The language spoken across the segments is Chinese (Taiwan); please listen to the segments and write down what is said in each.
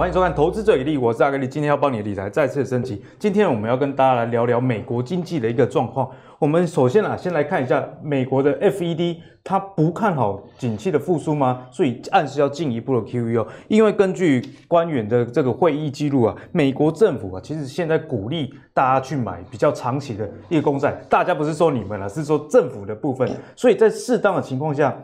歡迎收看《投資最給力》，我是阿格力，今天要幫你理財再次升級。今天我們要跟大家來聊聊美國經濟的一個狀況。我們首先啊，先來看一下美國的 FED，它不看好景氣的復甦嗎？所以暗示要進一步的 QE。因為根據官員的這個會議記錄啊，美國政府啊，其實現在鼓勵大家去買比較長期的一個公債。大家不是說你們啊，是說政府的部分。所以在適當的情況下，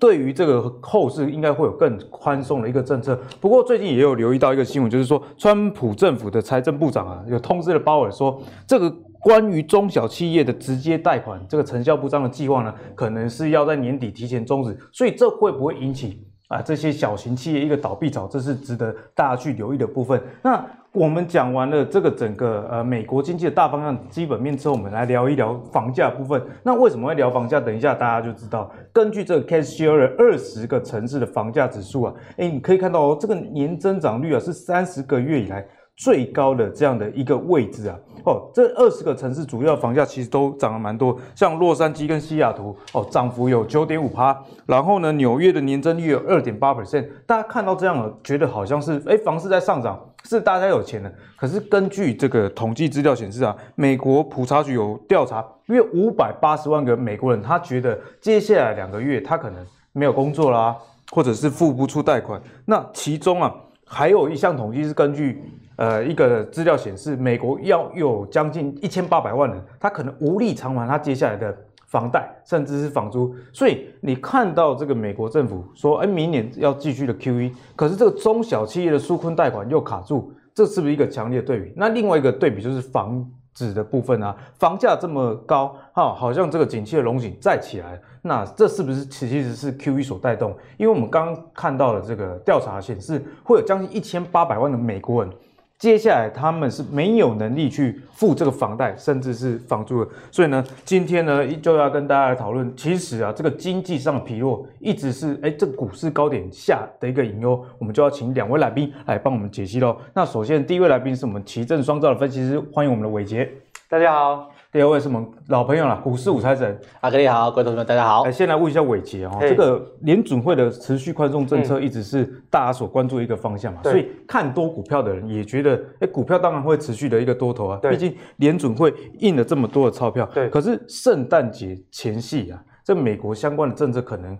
對於這個後市，應該會有更寬鬆的一個政策。不過最近也有留意到一個新聞，就是說，川普政府的財政部長啊，有通知了鮑爾，說這個關於中小企業的直接貸款，這個成效不彰的計劃呢，可能是要在年底提前終止。所以這會不會引起啊這些小型企業一個倒閉潮？這是值得大家去留意的部分。那。我們講完了這個整個呃美國經濟的大方向基本面之後，我們來聊一聊房價的部分。那為什麼會聊房價？等一下大家就知道。根據這個 Case Shiller 二十個城市的房價指數啊，哎，你可以看到哦，這個年增長率啊是三十個月以來最高的這樣的一個位置啊。哦，這二十個城市主要的房價其實都漲了蠻多，像洛杉磯跟西雅圖哦，漲幅有九點五趴。然後呢，紐約的年增率有二點八 percent。大家看到這樣了，覺得好像是哎，房市在上漲。是大家有錢的，可是根據這個統計資料顯示啊，美國普查局有調查，約五百八十萬個美國人，他覺得接下來兩個月他可能沒有工作啦，或者是付不出貸款。那其中啊，還有一項統計是根據呃一個資料顯示，美國要有將近一千八百萬人，他可能無力償還他接下來的。房貸甚至是房租，所以你看到這個美國政府說，哎、欸，明年要繼續的 QE，可是這個中小企業的紓困貸款又卡住，這是不是一個強烈的對比？那另外一個對比就是房子的部分啊，房價這麼高，哈，好像這個景氣的榮景再起來，那這是不是其實是 QE 所帶動？因為我們剛剛看到的這個調查顯示，會有將近一千八百萬的美國人。接下來他們是沒有能力去付這個房貸，甚至是房租的。所以呢，今天呢，就要跟大家來討論，其實啊，這個經濟上的疲弱一直是哎、欸、這股市高點下的一個隱憂。我們就要請兩位來賓來幫我們解析嘍。那首先第一位來賓是我們奇正雙兆的分析師，歡迎我們的偉捷。大家好。第二位是我們老朋友了？股市武財神阿格力好，各位同學大家好。先來問一下偉捷哈，這個聯準會的持續寬鬆政策一直是大家所關注的一個方向嘛？欸、所以看多股票的人也覺得，哎、欸，股票當然會持續的一個多頭啊。對，畢竟聯準會印了這麼多的鈔票。對。可是聖誕節前夕啊，這美國相關的政策可能，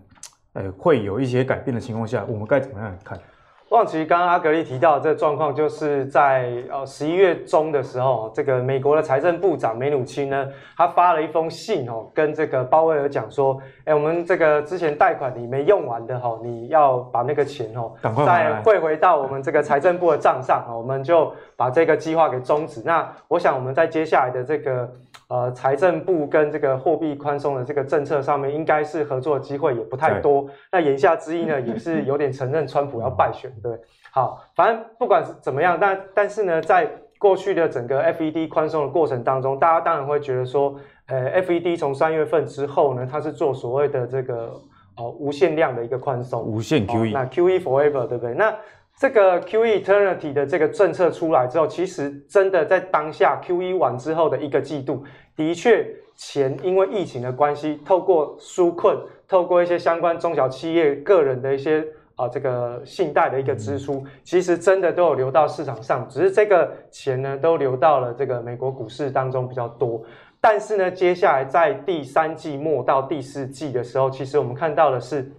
呃，會有一些改變的情況下，我們該怎麼樣來看？那其剛剛阿格力提到的這個狀況，就是在呃十一月中的時候，這個美國的財政部長梅努欽呢，他發了一封信哦，跟這個鮑威爾講說，哎，我們這個之前貸款你沒用完的哈，你要把那個錢哦，趕快再匯回到我們這個財政部的賬上，我們就把這個計劃給終止。那我想我們在接下來的這個呃財政部跟這個貨幣寬鬆的這個政策上面，應該是合作的機會也不太多。那言下之意呢，也是有點承認川普要敗選。 對，好，反正不管是怎麼樣，但但是呢，在過去的整個 FED 寬鬆的過程當中，大家當然會覺得說，呃，FED 從三月份之後呢，它是做所謂的這個哦無限量的一個寬鬆，無限 QE。哦，那 QE forever，對不對？那這個 QE eternity 的這個政策出來之後，其實真的在當下 QE 完之後的一個季度，的確錢因為疫情的關係，透過紓困，透過一些相關中小企業個人的一些。啊，這個信貸的一個支出，其實真的都有流到市場上，只是這個錢呢，都流到了這個美國股市當中比較多。但是呢，接下來在第三季末到第四季的時候，其實我們看到的是，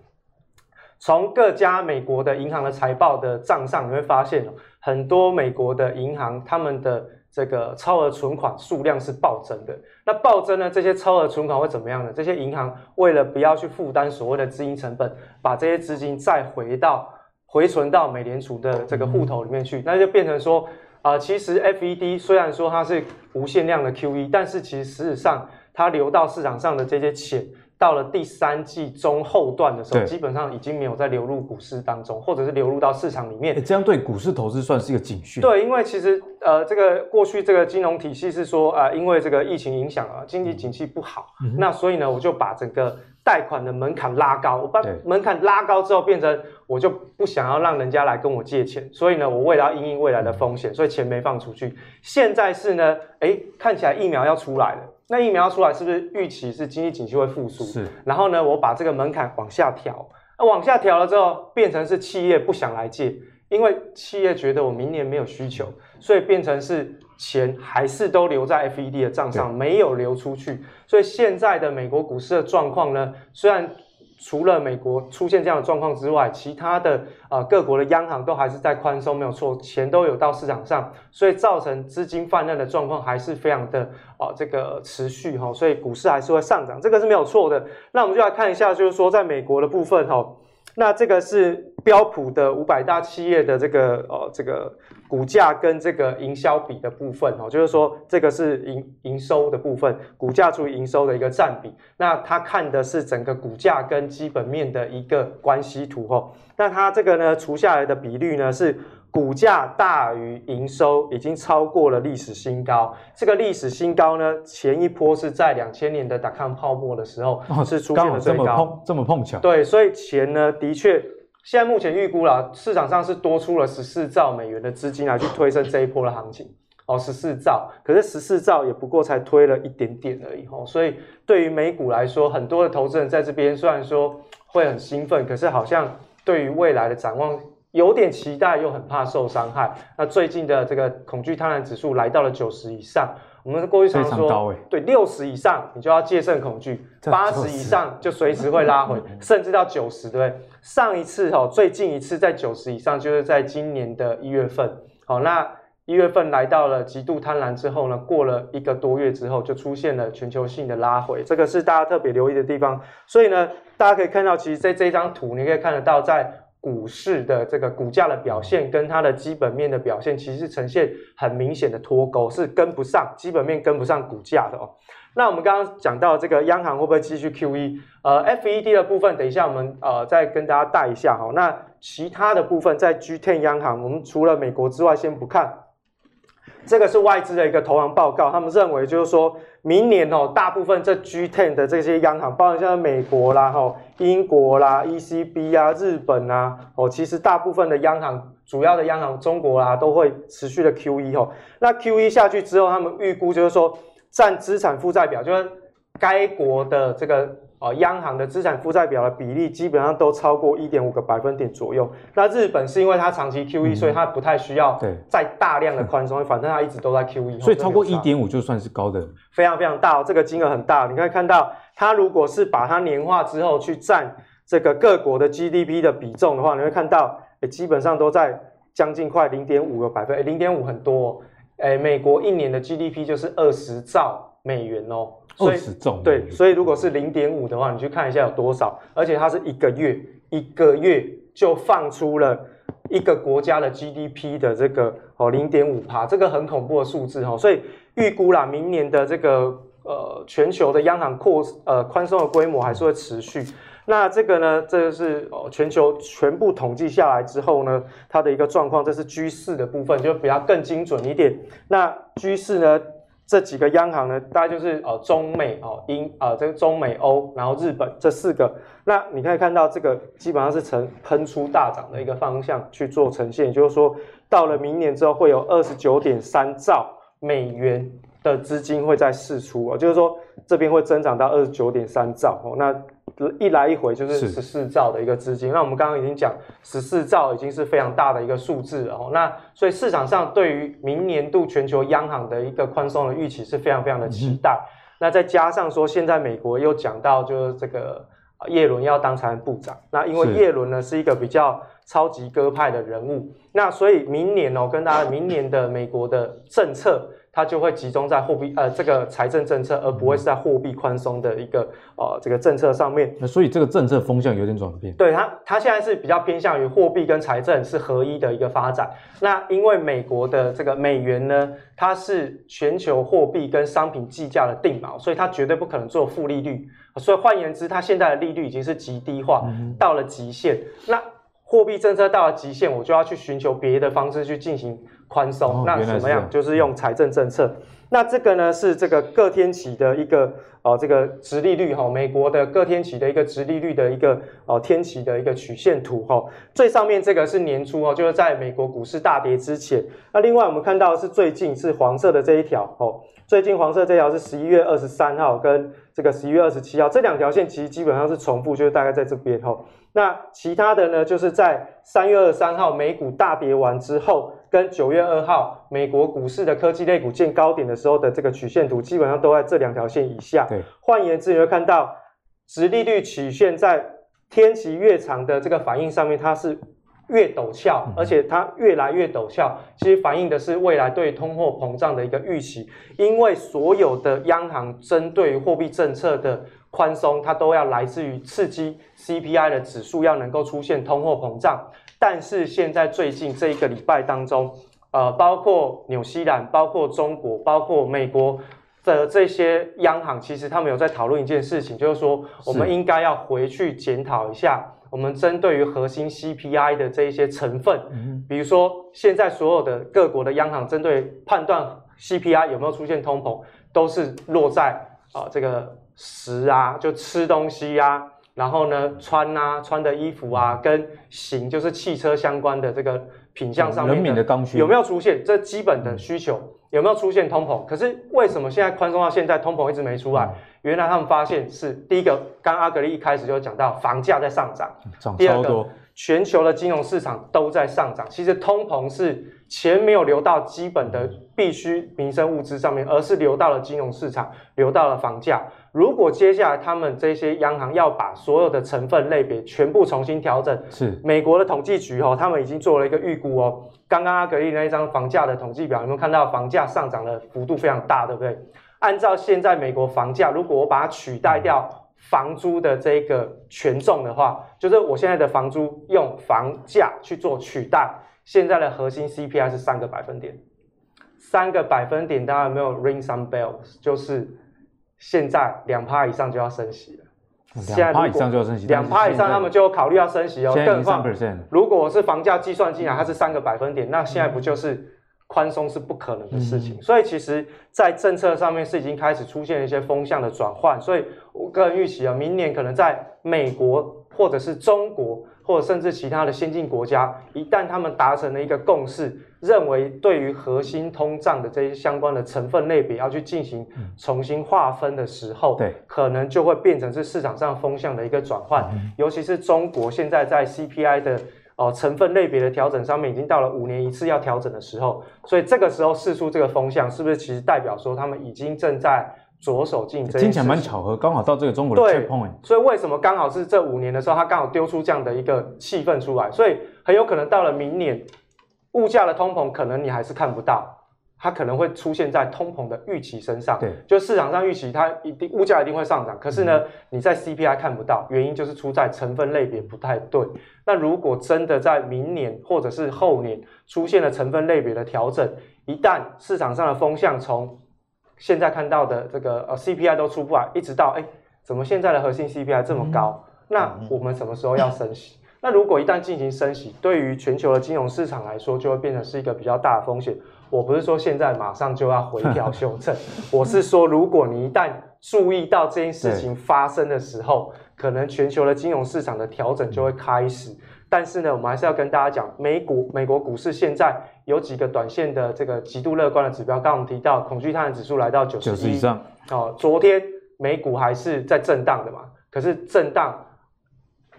從各家美國的銀行的財報的賬上，你會發現，很多美國的銀行他們的。這個超額存款數量是暴增的，那暴增呢？這些超額存款會怎麼樣呢？這些銀行為了不要去負擔所謂的資金成本，把這些資金再回到回存到美聯儲的這個戶頭裡面去，那就變成說啊、呃，其實 FED 雖然說它是無限量的 QE，但是其實事實上它流到市場上的這些錢。到了第三季中後段的時候，基本上已經沒有再流入股市當中，或者是流入到市場裡面。這樣對股市投資算是一個警訊。對，因為其實呃，這個過去這個金融體系是說啊、呃，因為這個疫情影響啊，經濟景氣不好，那所以呢，我就把整個貸款的門檻拉高，我把門檻拉高之後，變成我就不想要讓人家來跟我借錢，所以呢，我為了因應未來的風險，所以錢沒放出去。現在是呢，哎，看起來疫苗要出來了。那疫苗出來是不是預期是經濟景氣會復甦？是，然後呢，我把這個門檻往下調，那、啊、往下調了之後，變成是企業不想來借，因為企業覺得我明年沒有需求，所以變成是錢還是都留在 FED 的賬上，沒有流出去。所以現在的美國股市的狀況呢，雖然。除了美國出現這樣的狀況之外，其他的啊、呃、各國的央行都還是在寬鬆，沒有錯，錢都有到市場上，所以造成資金氾濫的狀況還是非常的啊、呃、這個持續哈、哦，所以股市還是會上漲，這個是沒有錯的。那我們就來看一下，就是說在美國的部分哈、哦，那這個是。標普的五百大企業的這個呃、哦、這個股價跟這個營銷比的部分哦，就是說這個是營營收的部分，股價除以營收的一個占比。那它看的是整個股價跟基本面的一個關係圖哦。那它這個呢除下來的比率呢是股價大於營收，已經超過了歷史新高。這個歷史新高呢前一波是在兩千年的達康泡沫的時候、哦、是出現了最高這麼碰這麼碰巧對，所以錢呢的確。現在目前預估了市場上是多出了十四兆美元的資金來去推升這一波的行情哦，十四兆，可是十四兆也不過才推了一點點而已哦，所以對於美股來說，很多的投資人在這邊雖然說會很興奮，可是好像對於未來的展望有點期待，又很怕受傷害。那最近的這個恐懼貪婪指數來到了九十以上。我們過去常常說，對六十以上你就要戒慎恐懼，八十以上就隨時會拉回，甚至到九十，對不對？上一次哦，最近一次在九十以上，就是在今年的一月份。好，那一月份來到了極度貪婪之後呢，過了一個多月之後，就出現了全球性的拉回，這個是大家特別留意的地方。所以呢，大家可以看到，其實，在這張圖，你可以看得到在。股市的這個股價的表現跟它的基本面的表現，其實呈現很明顯的脫鈎，是跟不上基本面，跟不上股價的哦。那我們剛剛講到這個央行會不會繼續 QE？呃，FED 的部分，等一下我們呃再跟大家帶一下哈、哦。那其他的部分在 G10 央行，我們除了美國之外，先不看。這個是外資的一個投行報告，他們認為就是說明年哦，大部分這 G10 的這些央行，包括像美國啦、哈英國啦、ECB 啊、日本啊，哦，其實大部分的央行，主要的央行，中國啦都會持續的 QE 哦。那 QE 下去之後，他們預估就是說，占資產負債表就是該國的這個。央行的資產負債表的比例基本上都超過一點五個百分點左右。那日本是因為它長期 QE，、嗯、所以它不太需要再大量的寬鬆，對、反正它一直都在 QE。所以超過一點五就算是高的。非常非常大、哦，這個金額很大、哦。你可以看到，它如果是把它年化之後去占這個各國的 GDP 的比重的話，你會看到，欸、基本上都在將近快零點五個百分，欸、零點五很多、哦欸。美國一年的 GDP 就是二十兆。美元哦，所以對，所以如果是零點五的話，你去看一下有多少，而且它是一個月，一個月就放出了一個國家的 GDP 的這個哦零點五趴，這個很恐怖的數字哦，所以預估啦，明年的這個呃全球的央行擴呃寬鬆的規模還是會持續。那這個呢，這就是全球全部統計下來之後呢，它的一個狀況，這是 G4 的部分，就比較更精準一點。那 G4 呢？這幾個央行呢，大概就是呃中美哦英啊，這中美歐，然後日本這四個。那你可以看到，這個基本上是呈噴出大漲的一個方向去做呈現，就是說到了明年之後，會有二十九點三兆美元的資金會再釋出哦，就是說這邊會增長到二十九點三兆哦。那一來一回就是十四兆的一個資金，那我們剛剛已經講十四兆已經是非常大的一個數字了哦。那所以市場上對於明年度全球央行的一個寬鬆的預期是非常非常的期待。嗯、那再加上說現在美國又講到就是這個耶倫要當財政部長，那因為耶倫呢是一個比較超級鴿派的人物，那所以明年哦跟大家明年的美國的政策。它就會集中在貨幣呃這個財政政策，而不會是在貨幣寬鬆的一個呃這個政策上面，呃。所以這個政策風向有點轉變。對，它，它現在是比較偏向於貨幣跟財政是合一的一個發展。那因為美國的這個美元呢，它是全球貨幣跟商品計價的定錨，所以它絕對不可能做負利率。所以換言之，它現在的利率已經是極低化，嗯，到了極限。那貨幣政策到了極限，我就要去尋求別的方式去進行。寬鬆、哦、那怎麼樣？就是用財政政策、嗯。那這個呢是這個各天期的一個哦，這個殖利率哈、哦，美國的各天期的一個殖利率的一個哦天期的一個曲線圖哈、哦。最上面這個是年初哦，就是在美國股市大跌之前。那另外我們看到的是最近是黃色的這一條哦，最近黃色這條是十一月二十三號跟這個十一月二十七號這兩條線其實基本上是重复，就是大概在這邊哦。那其他的呢就是在三月二十三號美股大跌完之後。跟九月二號美國股市的科技類股見高點的時候的這個曲線圖，基本上都在這兩條線以下。換言之，你會看到，殖利率曲線在天期越長的這個反應上面，它是越陡峭，而且它越來越陡峭，其實反映的是未來對通貨膨脹的一個預期。因為所有的央行針對貨幣政策的寬鬆，它都要來自於刺激 CPI 的指數要能夠出現通貨膨脹。但是現在最近這一個禮拜當中，呃，包括紐西蘭、包括中國、包括美國的這些央行，其實他們有在討論一件事情，就是說我們應該要回去檢討一下，我們針對於核心 CPI 的這一些成分，比如說，現在所有的各國的央行針對判斷 CPI 有沒有出現通膨，都是落在啊、呃、這個食啊，就吃東西呀、啊。然後呢，穿啊，穿的衣服啊，跟行就是汽車相關的這個品項，上面有沒有出現這基本的需求有沒有出現通膨？嗯、可是為什麼現在寬鬆到現在通膨一直沒出來？嗯、原來他們發現是第一個，剛阿格力一開始就講到房價在上漲，嗯，漲超多，第二個。全球的金融市場都在上漲，其實通膨是錢沒有流到基本的必需民生物資上面，而是流到了金融市場，流到了房價。如果接下來他們這些央行要把所有的成分類別全部重新調整，是美國的統計局哦，他們已經做了一個預估哦。剛剛阿格力那一張房價的統計表，有沒有看到房價上漲的幅度非常大，對不對？按照現在美國房價，如果我把它取代掉。嗯房租的這個權重的話，就是我現在的房租用房價去做取代。現在的核心 CPI 是三個百分點，三個百分點大家有沒有 ring some bells，就是現在兩趴以上就要升息了。兩、嗯、現在兩趴以上就要升息，兩趴以上他們就考慮要升息哦。更何況如果我是房價計算進來，它是三個百分點、嗯，那現在不就是？寬鬆是不可能的事情，嗯、所以其實，在政策上面是已經開始出現了一些風向的轉換。所以，我個人預期啊，明年可能在美國或者是中國，或者甚至其他的先進國家，一旦他們達成了一個共識，認為對於核心通脹的這些相關的成分類別要去進行重新劃分的時候、嗯，可能就會變成是市場上風向的一個轉換、嗯。尤其是中國現在在 CPI 的。哦，成分類別的調整，上面已經到了五年一次要調整的時候，所以這個時候試出這個風向，是不是其實代表說他們已經正在着手進行，聽起蠻巧合，剛好到這個中國的去碰。所以為什麼剛好是這五年的時候，他剛好丟出這樣的一個氣氛出來？所以很有可能到了明年，物價的通膨可能你還是看不到。它可能會出現在通膨的預期身上，對，就市場上預期它一定物價一定會上漲，可是呢、嗯，你在 CPI 看不到，原因就是出在成分類別不太對。那如果真的在明年或者是後年出現了成分類別的調整，一旦市場上的風向從現在看到的這個呃 CPI 都出不來，一直到哎，怎麼現在的核心 CPI 這麼高？嗯、那我們什麼時候要升息，嗯？那如果一旦進行升息，對於全球的金融市場來說，就會變成是一個比較大的風險。我不是說現在馬上就要回調修正， 我是說，如果你一旦注意到這件事情發生的時候，可能全球的金融市場的調整就會開始。但是呢，我們還是要跟大家講，美股美國股市現在有幾個短線的這個極度樂觀的指標，剛剛我們提到恐懼貪婪指數來到九十以上哦，昨天美股還是在震盪的嘛，可是震盪。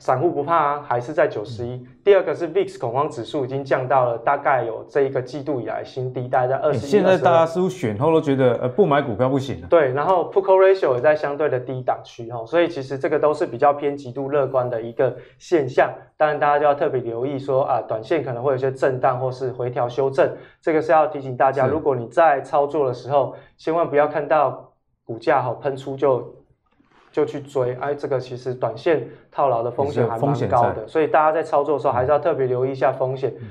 散戶不怕啊，還是在九十一。第二個是 VIX 恐慌指數已經降到了大概有這一個季度以來新低，大概在二十、欸。現在大家似乎選後都覺得，呃，不買股票不行、啊。對，然後 P/E Ratio 也在相對的低檔區哈、哦，所以其實這個都是比較偏極度樂觀的一個現象。當然，大家就要特別留意說啊，短線可能會有些震盪或是回調修正，這個是要提醒大家，如果你在操作的時候，千萬不要看到股價哈、哦、噴出就。就去追，哎，這個其實短線套牢的風險還蠻高的，所以大家在操作的時候還是要特別留意一下風險、嗯。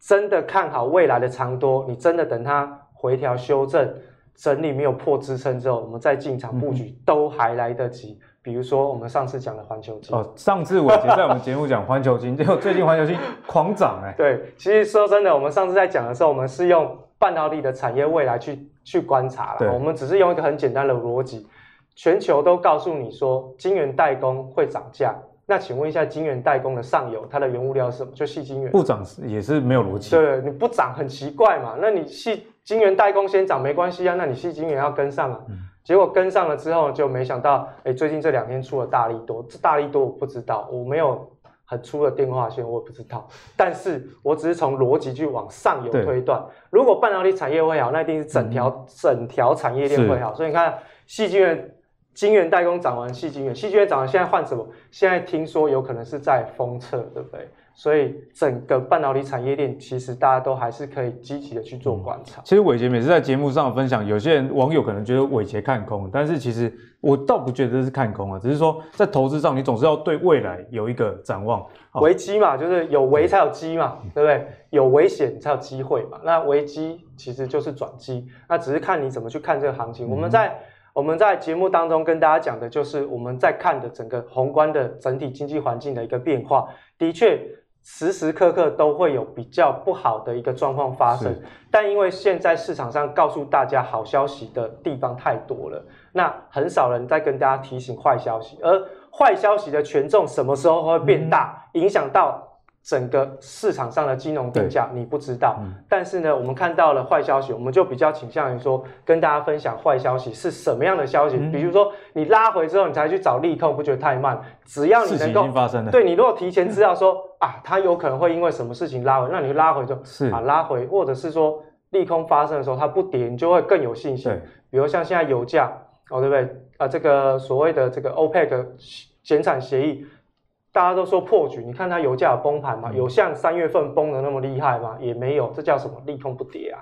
真的看好未來的長多，你真的等它回調修正、整理沒有破支撐之後，我們再進場布局都還來得及。嗯、比如說我們上次講的環球晶哦，上次偉捷在我們節目講環球晶，結 果最近環球晶狂漲哎、欸。對，其實說真的，我們上次在講的時候，我們是用半導體的產業未來去去觀察了，我們只是用一個很簡單的邏輯。全球都告訴你說晶圓代工會漲價，那請問一下晶圓代工的上游，它的原物料是什麼？就矽晶圓不漲也是沒有邏輯。對，你不漲很奇怪嘛？那你矽晶圓代工先漲沒關係啊？那你矽晶圓要跟上啊，嗯？結果跟上了之後，就沒想到，誒最近這兩天出了大利多。大利多我不知道，我沒有很粗的電話線，我也不知道。但是我只是從邏輯去往上游推斷，如果半導體產業會好，那一定是整條、嗯、整條產業鏈會好。所以你看，矽晶圓。晶圓代工漲完，矽晶圓、矽晶圓、漲完，現在換什麼？現在聽說有可能是在封測，對不對？所以整個半導體產業鏈其實大家都還是可以積極的去做觀察。嗯、其實偉捷每次在節目上有分享，有些人網友可能覺得偉捷看空，但是其實我倒不覺得這是看空啊，只是說在投資上，你總是要對未來有一個展望。哦、危機嘛，就是有危才有機嘛對，對不對？有危險才有機會嘛。那危機其實就是轉機，那只是看你怎麼去看這個行情。嗯、我們在。我們在節目當中跟大家講的就是我們在看的整個宏觀的整體經濟環境的一個變化，的確時時刻刻都會有比較不好的一個狀況發生，但因為現在市場上告訴大家好消息的地方太多了，那很少人在跟大家提醒壞消息，而壞消息的權重什麼時候會變大，嗯、影響到？整個市場上的金融定價你不知道、嗯，但是呢，我們看到了壞消息，我們就比較傾向於說跟大家分享壞消息是什麼樣的消息、嗯。比如說你拉回之後，你才去找利空，不覺得太慢？只要你能夠，事情發生對，你如果提前知道說、嗯、啊，它有可能會因為什麼事情拉回，那你拉回就是啊拉回，或者是說利空發生的時候它不跌，你就會更有信心。比如像現在油價哦，對不對？啊、呃，這個所謂的這個歐佩克減產協議。大家都說破局，你看它油價有崩盤嘛？有像三月份崩的那麼厲害嗎？也沒有，這叫什麼利空不跌啊？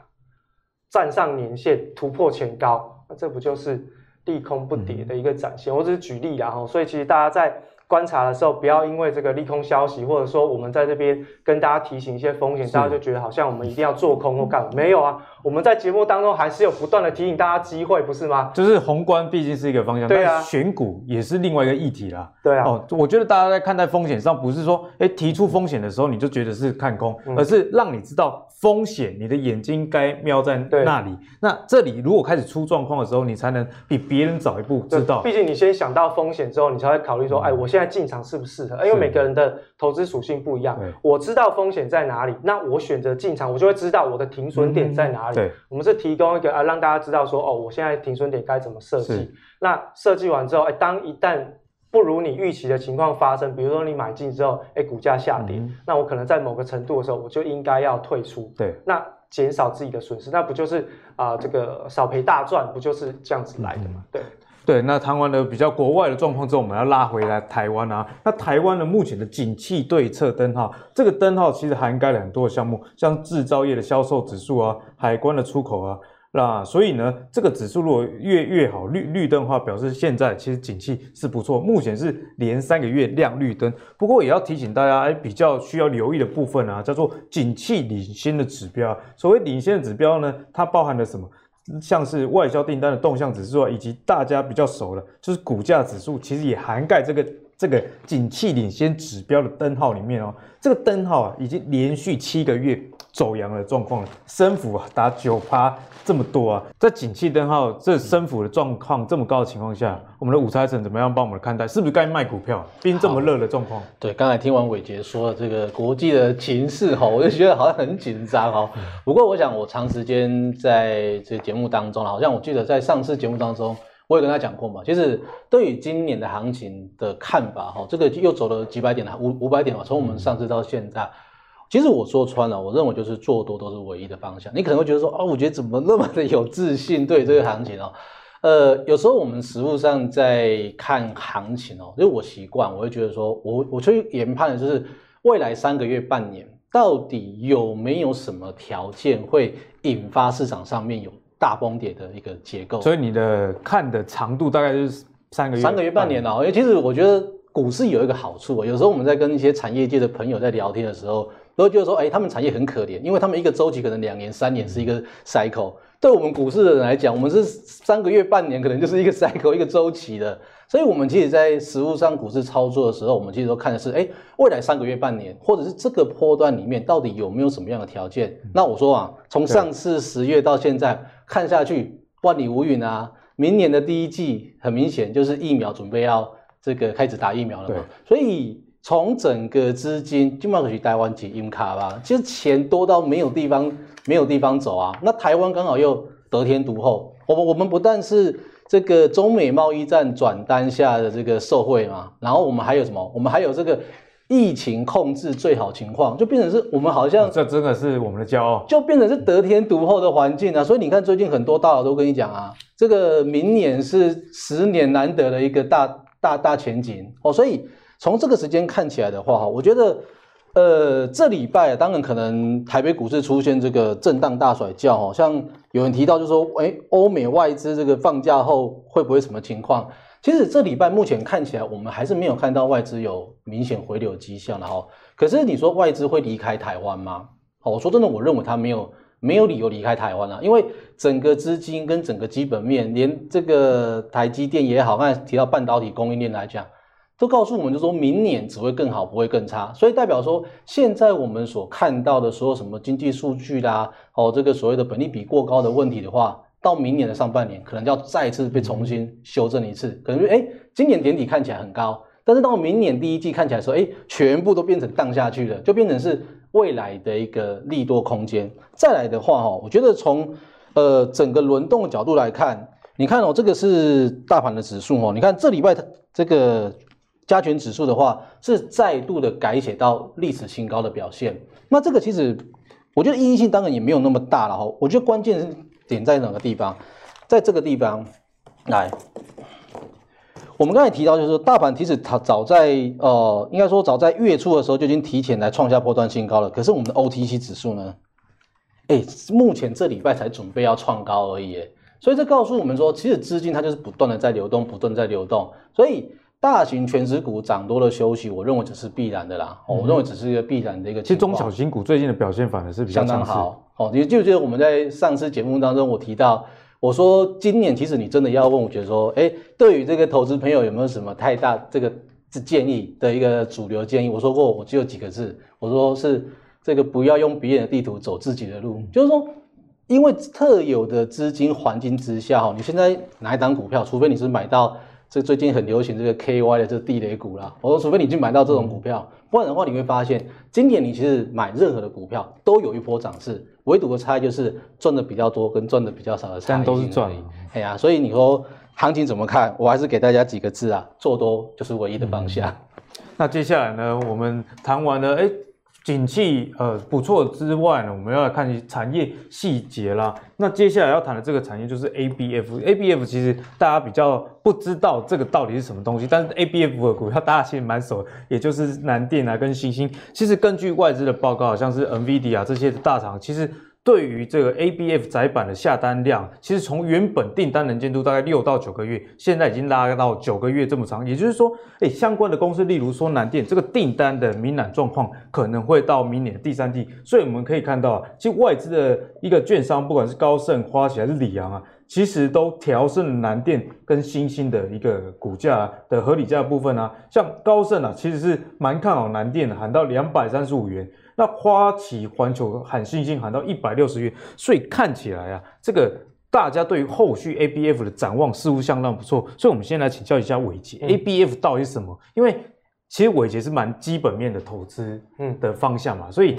站上年線突破前高，那這不就是利空不跌的一個展現、嗯？我只是舉例啦。所以其實大家在觀察的時候，不要因為這個利空消息，或者說我們在這邊跟大家提醒一些風險，大家就覺得好像我們一定要做空或幹嘛？沒有啊。我們在節目當中還是有不斷的提醒大家機會，不是嗎？就是宏觀畢竟是一個方向，對啊，但是選股也是另外一個議題啦。對啊，哦，我覺得大家在看待風險上，不是說哎提出風險的時候你就覺得是看空、嗯，而是讓你知道風險，你的眼睛該瞄在那裡。那這裡如果開始出狀況的時候，你才能比別人早一步知道。畢竟你先想到風險之後，你才會考慮說，嗯、哎，我現在進場適不適合、哎？因為每個人的投資屬性不一樣，我知道風險在哪裡，那我選擇進場，我就會知道我的停損點在哪裡。嗯對，我們是提供一個啊，讓大家知道說，哦，我現在停損點該怎麼設計。那設計完之後，哎，當一旦不如你預期的情況發生，比如說你買進之後，哎，股價下跌，嗯、那我可能在某個程度的時候，我就應該要退出，對，那減少自己的損失，那不就是啊、呃，這個少賠大賺，不就是這樣子來的嗎？嗯嗯對。對，那談完了比較國外的狀況之後，我們要拉回來台灣啊。那台灣的目前的景氣對策燈號，這個燈號其實涵蓋了很多的項目，像製造業的銷售指數啊，海關的出口啊。那所以呢，這個指數如果越越好，綠綠燈的話，表示現在其實景氣是不錯。目前是連三個月亮綠燈，不過也要提醒大家，哎，比較需要留意的部分啊，叫做景氣領先的指標。所謂領先的指標呢，它包含了什麼？像是外銷訂單的動向指數啊，以及大家比較熟的，就是股價指數，其實也涵蓋這個這個景氣領先指標的燈號裡面哦、喔。這個燈號啊，已經連續七個月走陽的狀況了，升幅啊達九趴這麼多啊，在景氣燈號這升幅的狀況這麼高的情況下，嗯，我們的武財神陳怎麼樣幫我們看待？是不是該賣股票？冰這麼熱的狀況。對，剛才聽完偉捷說的這個國際的情勢哈，我就覺得好像很緊張哈。不過我想，我長時間在這節目當中，好像我記得在上次節目當中，我有跟他講過嘛。其實對於今年的行情的看法哈，這個又走了幾百點啊，五五百點嘛，從我們上次到現在。嗯其實我說穿了，我認為就是做多都是唯一的方向。你可能會覺得說，哦，我覺得怎麼那麼的有自信對這個行情哦？呃，有時候我們實務上在看行情哦，因為我習慣，我會覺得說我我去研判的就是未來三個月、半年到底有沒有什麼條件會引發市場上面有大崩跌的一個結構。所以你的看的長度大概就是三個月、三個月半年了哦。因為其實我覺得股市有一個好處哦，有時候我們在跟一些產業界的朋友在聊天的時候。然後就說、哎，他們產業很可憐，因為他們一個周期可能兩年、三年是一個 cycle。嗯、對我們股市的人來講，我們是三個月、半年可能就是一個 cycle、一個周期的。所以，我們其實，在實務上股市操作的時候，我們其實都看的是，哎，未來三個月、半年，或者是這個波段裡面到底有沒有什麼樣的條件。嗯、那我說啊，從上次十月到現在看下去，萬里無雲啊。明年的第一季很明顯就是疫苗準備要這個開始打疫苗了嘛，所以。從整個資金就跑去台灣去印卡吧，其實錢多到沒有地方沒有地方走啊。那台灣剛好又得天獨厚，我們我們不但是這個中美貿易戰轉單下的這個受惠嘛，然後我們還有什麼？我們還有這個疫情控制最好情況，就變成是我們好像這真的是我們的驕傲，就變成是得天獨厚的環境啊。所以你看，最近很多大佬都跟你講啊，這個明年是十年難得的一個大大大大前景哦，所以。從這個時間看起來的話，哈，我覺得，呃，這禮拜當然可能台北股市出現這個震盪大甩轎，哈，像有人提到就說，誒，歐美外資這個放假後會不會什麼情況？其實這禮拜目前看起來，我們還是沒有看到外資有明顯回流跡象的哈。可是你說外資會離開台灣嗎？哦，我說真的，我認為他沒有沒有理由離開台灣啊，因為整個資金跟整個基本面，連這個台積電也好，剛才提到半導體供應鏈來講。都告訴我們，就說明年只會更好，不會更差，所以代表說，現在我們所看到的所有什麼經濟數據啦，哦，這個所謂的本益比過高的問題的話，到明年的上半年可能要再次被重新修正一次，可能就誒，今年年底看起來很高，但是到明年第一季看起來的時候，誒，全部都變成盪下去了，就變成是未來的一個利多空間。再來的話哈，我覺得從呃整個輪動的角度來看，你看哦，這個是大盤的指數哦，你看這禮拜它這個。加權指數的話是再度的改寫到歷史新高的表現，那這個其實我覺得意義性當然也沒有那麼大了哈。我覺得關鍵點在哪個地方？在這個地方，來，我們剛才提到就是說，大盤其實它早在呃，應該說早在月初的時候就已經提前來創下波段新高了。可是我們的 OTC 指數呢，哎、欸，目前這禮拜才準備要創高而已。所以這告訴我們說，其實資金它就是不斷的在流動，不斷在流動，所以。大型權值股漲多了休息，我認為只是必然的啦。我認為只是一個必然的一個情況。其實中小型股最近的表現反而是比較好。勢。哦，你記不記得我們在上次節目當中，我提到我說今年其實你真的要問，我覺得說，哎，對於這個投資朋友有沒有什麼太大這個建議的一個主流建議？我說過，我只有幾個字，我說是這個不要用別人的地圖走自己的路，就是說，因為特有的資金環境之下哈，你現在哪一檔股票，除非你是買到。這最近很流行這個 K Y 的這地雷股啦，我說除非你去買到這種股票，嗯、不然的話你會發現，今年你其實買任何的股票都有一波漲勢，唯獨的差異，就是賺的比較多跟賺的比較少的差異，都是賺的。哎呀、對啊，所以你說行情怎麼看？我還是給大家幾個字啊，做多就是唯一的方向。嗯、那接下來呢，我們談完了，誒景氣呃，不錯之外呢，我們要來看一些產業細節啦。那接下來要談的這個產業就是 A B F。A B F 其實大家比較不知道這個到底是什麼東西，但是 A B F 的股票大家其實蠻熟，也就是南電啊跟欣興。其實根據外資的報告，好像是 N V D 啊這些大廠，其實。對於這個 A B F 載板的下單量，其實從原本訂單能見度大概六到九個月，現在已經拉到九個月這麼長。也就是說，誒，相關的公司，例如說南電，這個訂單的明朗狀況可能會到明年的第三季。所以我們可以看到啊，其實外資的一個券商，不管是高盛、花旗還是里昂啊，其實都調升南電跟欣興的一個股價的合理價的部分啊。像高盛啊，其實是蠻看好南電的，喊到兩百三十五元。那花旗環球喊信心喊到一百六十元，所以看起來啊，這個大家對於後續 ABF 的展望似乎相當不錯。所以，我們先來請教一下偉捷、嗯、，ABF 到底是什麼？因為其實偉捷是蠻基本面的投資的方向嘛，嗯、所以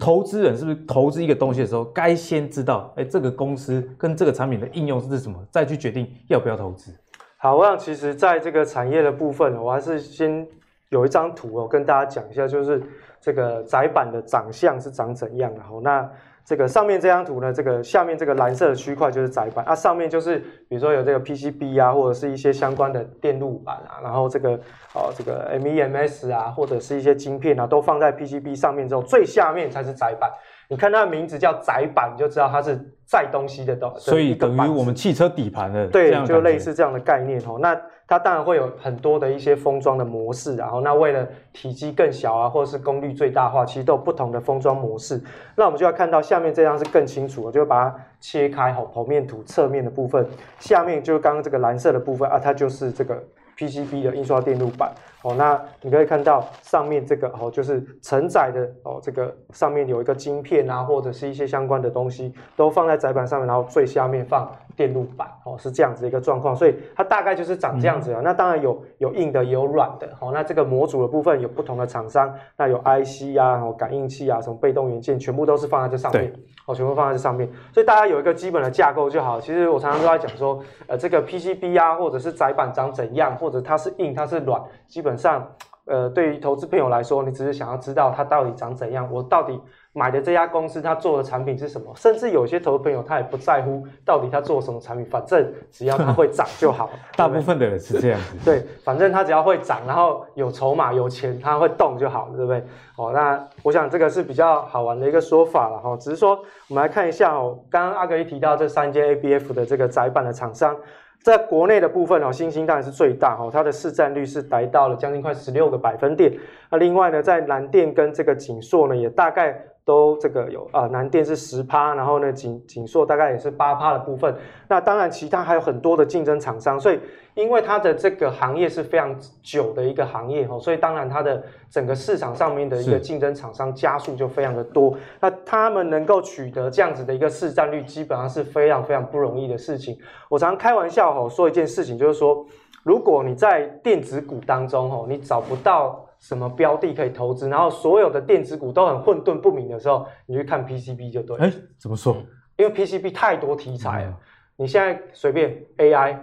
投資人是不是投資一個東西的時候，該先知道，哎、欸，這個公司跟這個產品的應用是什麼，再去決定要不要投資？好，那其實在這個產業的部分，我還是先有一張圖我跟大家講一下，就是。這個載板的長相是長怎樣的？好，那這個上面這張圖呢？這個下面這個藍色的區塊就是載板，啊，上面就是比如說有這個 PCB 啊，或者是一些相關的電路板啊，然後這個哦，這個 MEMS 啊，或者是一些晶片啊，都放在 PCB 上面之後，最下面才是載板。你看它的名字叫載板，你就知道它是載東西的東，所以等於我們汽車底盤的，對，就類似這樣的概念哦。那它當然會有很多的一些封裝的模式，然後那為了體積更小啊，或者是功率最大化，其實都有不同的封裝模式。那我們就要看到下面這張是更清楚的，我就把它切開，好，剖面圖側面的部分，下面就是剛剛這個藍色的部分啊，它就是這個。PCB 的印刷電路板，哦，那你可以看到上面這個哦，就是承載的哦，這個上面有一個晶片啊，或者是一些相關的東西，都放在載板上面，然後最下面放。電路板哦，是這樣子一個狀況，所以它大概就是長這樣子的、嗯。那當然有有硬的，也有軟的好、哦，那這個模組的部分有不同的廠商，那有 IC 啊、哦，感應器啊，什麼被動元件，全部都是放在這上面，哦，全部放在這上面。所以大家有一個基本的架構就好。其實我常常都在講說，呃，這個 PCB 啊，或者是載板長怎樣，或者它是硬，它是軟，基本上，呃，對於投資朋友來說，你只是想要知道它到底長怎樣，我到底。買的這家公司，他做的產品是什麼？甚至有些投資朋友他也不在乎到底他做什麼產品，反正只要它會漲就好 對對。大部分的人是這樣，對，反正它只要會漲，然後有籌碼、有錢，他會動就好，對不對？好、哦，那我想這個是比較好玩的一個說法了哈、哦。只是說，我們來看一下哦，剛剛阿格力提到這三間 A B F 的這個載板的廠商，在國內的部分哦，欣興當然是最大哦，它的市占率是達到了將近快十六個百分點。那、啊、另外呢，在南電跟這個景碩呢，也大概。都這個有啊、呃，南電是十趴，然後呢，景，景碩大概也是八趴的部分。那當然，其他還有很多的競爭廠商。所以，因為它的這個行業是非常久的一個行業，所以當然它的整個市場上面的一個競爭廠商加速就非常的多。那他們能夠取得這樣子的一個市占率，基本上是非常非常不容易的事情。我常開玩笑吼說一件事情，就是說，如果你在電子股當中吼，你找不到。什麼標的可以投資？然後所有的電子股都很混沌不明的時候，你去看 PCB 就對。哎、欸，怎麼說？因為 PCB 太多題材了，你現在隨便 AI、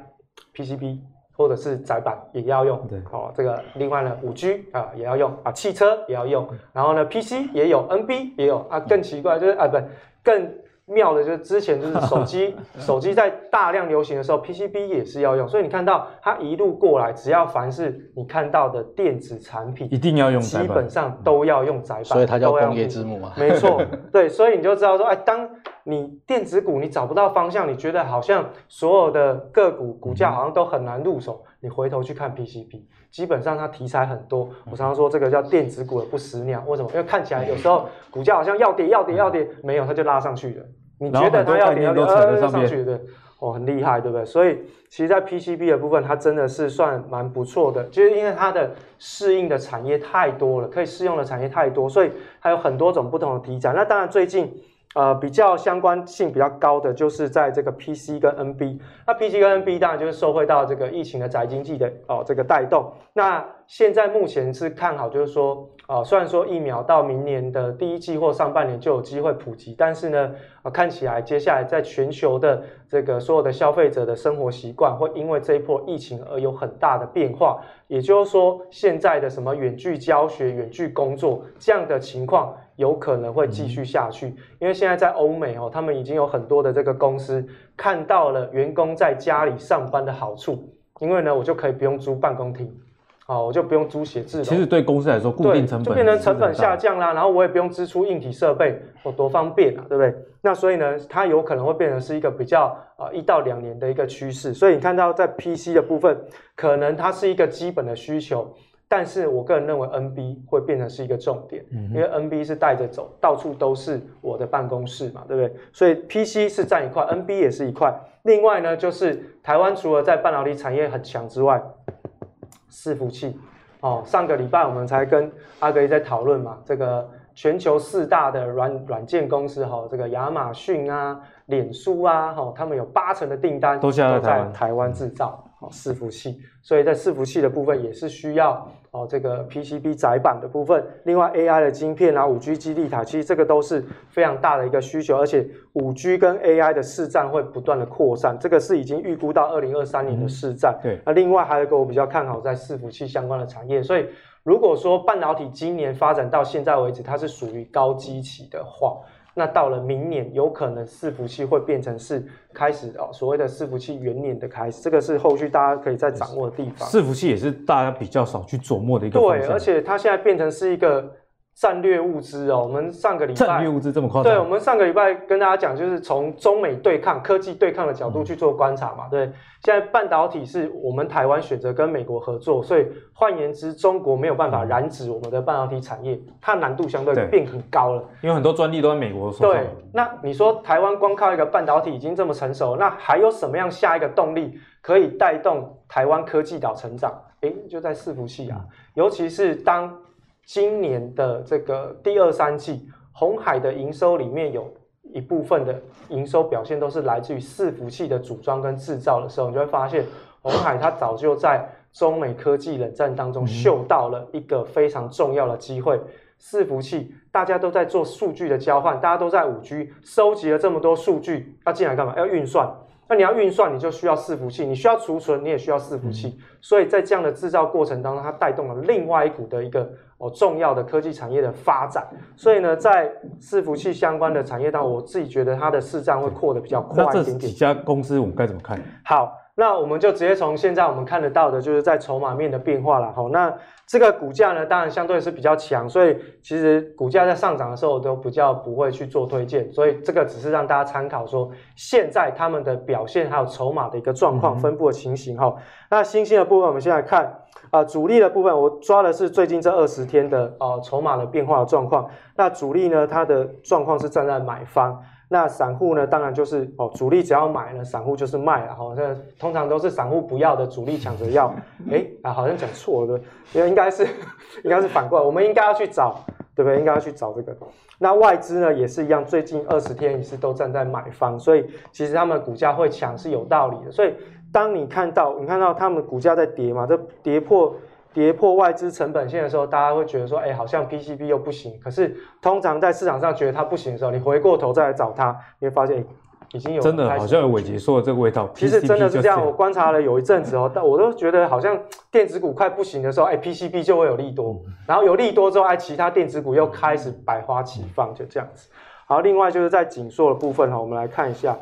PCB 或者是載板也要用，對，哦，這個另外呢，五 G 啊也要用啊，汽車也要用，然後呢，PC 也有，NB 也有啊，更奇怪就是啊，不更。妙的就是之前就是手機， 手機在大量流行的時候，PCB 也是要用，所以你看到它一路過來，只要凡是你看到的電子產品，一定要用載板，基本上都要用載板，嗯，所以它叫工業之母嘛。沒錯，對，所以你就知道說，哎，當。你電子股你找不到方向，你覺得好像所有的個股股價好像都很難入手。你回頭去看 PCB，基本上它題材很多。我常常說這個叫電子股的不死鳥，為什麼？因為看起來有時候股價好像要跌要跌要跌，沒有它就拉上去了。你覺得它要跌要跌它就拉、呃呃、上去了。對？哦，很厲害，對不對？所以其實，在 PCB 的部分，它真的是算蠻不錯的，就是因為它的適應的產業太多了，可以適用的產業太多，所以它有很多種不同的題材。那當然最近。呃，比較相關性比較高的就是在這個 PC 跟 NB，那 PC 跟 NB 當然就是受惠到這個疫情的宅經濟的哦、呃、這個帶動。那現在目前是看好，就是說啊、呃，雖然說疫苗到明年的第一季或上半年就有機會普及，但是呢、呃，看起來接下來在全球的這個所有的消費者的生活習慣會因為這一波疫情而有很大的變化。也就是說，現在的什麼遠距教學、遠距工作這樣的情況。有可能會繼續下去，嗯，因為現在在歐美哦，他們已經有很多的這個公司看到了員工在家裡上班的好處。因為呢，我就可以不用租辦公廳，哦，我就不用租寫字樓。其實對公司來說，固定成本就變成成本下降啦，然後我也不用支出硬體設備，我多方便啊，對不對？那所以呢，它有可能會變成是一個比較啊，呃，一到兩年的一個趨勢。所以你看到在 PC 的部分，可能它是一個基本的需求。但是我個人認為 NB 會變成是一個重點，嗯、因為 NB 是帶着走到處都是我的辦公室嘛，對不對？所以 PC 是占一塊，NB 也是一塊。另外呢，就是台灣除了在半導體產業很強之外，伺服器哦，上個禮拜我們才跟阿格力在討論嘛，這個全球四大的軟軟件公司哈，這個亞馬遜啊、臉書啊，哈，他們有八成的訂單都,都在台灣制造。伺服器，所以在伺服器的部分也是需要哦這個 PCB 載板的部分，另外 AI 的晶片啊，五 G 基地塔，其實這個都是非常大的一個需求，而且五 G 跟 AI 的市占會不斷的擴散，這個是已經預估到二零二三年的市占、嗯。對，那、啊、另外還有一個我比較看好在伺服器相關的產業，所以如果說半導體今年發展到現在為止，它是屬於高基期的話。那到了明年，有可能伺服器會變成是開始哦，所謂的伺服器元年的開始，這個是後續大家可以在掌握的地方。伺服器也是大家比較少去琢磨的一個方向。對，而且它現在變成是一個。戰略物資哦、喔，我們上個禮拜戰略物資這麼誇張？對，我們上個禮拜跟大家講，就是從中美對抗、科技對抗的角度去做觀察嘛。嗯、對，現在半導體是我們台灣選擇跟美國合作，所以換言之，中國沒有辦法染指我們的半導體產業，嗯、它難度相對變很高了。因為很多專利都在美國手上。對，那你說台灣光靠一個半導體已經這麼成熟，那還有什麼樣下一個動力可以帶動台灣科技島成長？哎、欸，就在伺服器啊，啊尤其是當。今年的這個第二、三季，鴻海的營收裡面有一部分的營收表現都是來自於伺服器的組裝跟製造的時候，你就會發現，鴻海它早就在中美科技冷戰當中嗅到了一個非常重要的機會。嗯、伺服器，大家都在做數據的交換，大家都在五 G 收集了這麼多數據，要進來幹嘛？要運算。那你要運算，你就需要伺服器；你需要儲存，你也需要伺服器。嗯、所以在這樣的製造過程當中，它帶動了另外一股的一個哦，重要的科技產業的發展。所以呢，在伺服器相關的產業當中，哦，我自己覺得它的市占會擴得比較快一點點。幾家公司我們該怎麼看？好。那我們就直接從現在我們看得到的，就是在籌碼面的變化了。吼，那這個股價呢，當然相對是比較強，所以其實股價在上漲的時候，我都比較不會去做推薦，所以這個只是讓大家參考說，現在他們的表現還有籌碼的一個狀況分布的情形哈、嗯。那欣興的部分，我們先來看啊、呃，主力的部分，我抓的是最近這二十天的啊、呃、籌碼的變化的狀況。那主力呢，它的狀況是站在買方。那散戶呢？當然就是哦，主力只要買了，散戶就是賣了哈。哦、通常都是散戶不要的，主力搶着要。哎，啊，好像講錯了，對，應該是應該是反過來， 我們應該要去找，對不對？應該要去找這個。那外資呢也是一樣，最近二十天也是都站在買方，所以其實他們股價會強是有道理的。所以當你看到你看到他們股價在跌嘛，這跌破。跌破外資成本線的時候，大家會覺得說，哎、欸，好像 PCB 又不行。可是通常在市場上覺得它不行的時候，你回過頭再來找它，你會發現、欸、已經有真的好像有尾結束這個味道。PCP、其實真的是這樣，這樣，我觀察了有一陣子哦、喔，但我都覺得好像電子股快不行的時候，哎、欸、，PCB 就會有利多、嗯，然後有利多之後，哎，其他電子股又開始百花齊放、嗯，就這樣子。好，另外就是在景碩的部分哈、喔，我們來看一下，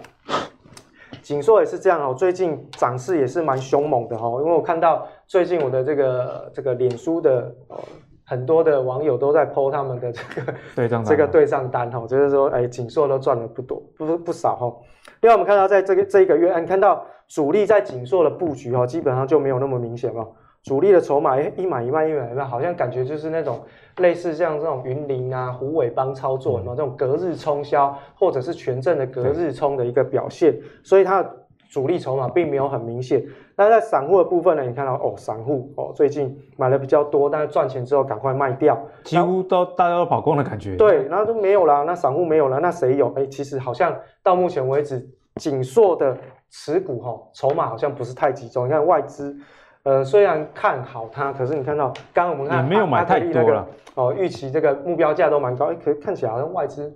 景碩也是這樣哦、喔，最近漲勢也是蠻凶猛的哈、喔，因為我看到。最近我的這個這個臉書的很多的網友都在 PO 他們的這個對賬單、啊，這個對賬單哈、哦，就是說，哎，景碩都賺了不多，不不少哈、哦。另外，我們看到在這個這一個月、啊，你看到主力在景碩的佈局哈、哦，基本上就沒有那麼明顯了。主力的籌碼一買一賣，一買一賣，好像感覺就是那種類似像這種雲林啊、虎尾幫操作什麼、嗯、這種隔日沖銷，或者是權證的隔日沖的一個表現，所以它。主力籌碼並沒有很明顯，但是在散戶的部分呢？你看到哦，散戶哦，最近買的比較多，但是賺錢之後趕快賣掉，幾乎都大家都跑光的感覺。對，然後就沒有了。那散戶沒有了，那誰有？哎、欸，其實好像到目前為止，景碩的持股哈，籌碼好像不是太集中。你看外資，呃，雖然看好它，可是你看到剛剛我們看沒有買太多了、那個、哦，預期這個目標價都蠻高，欸、可是看起來好像外資，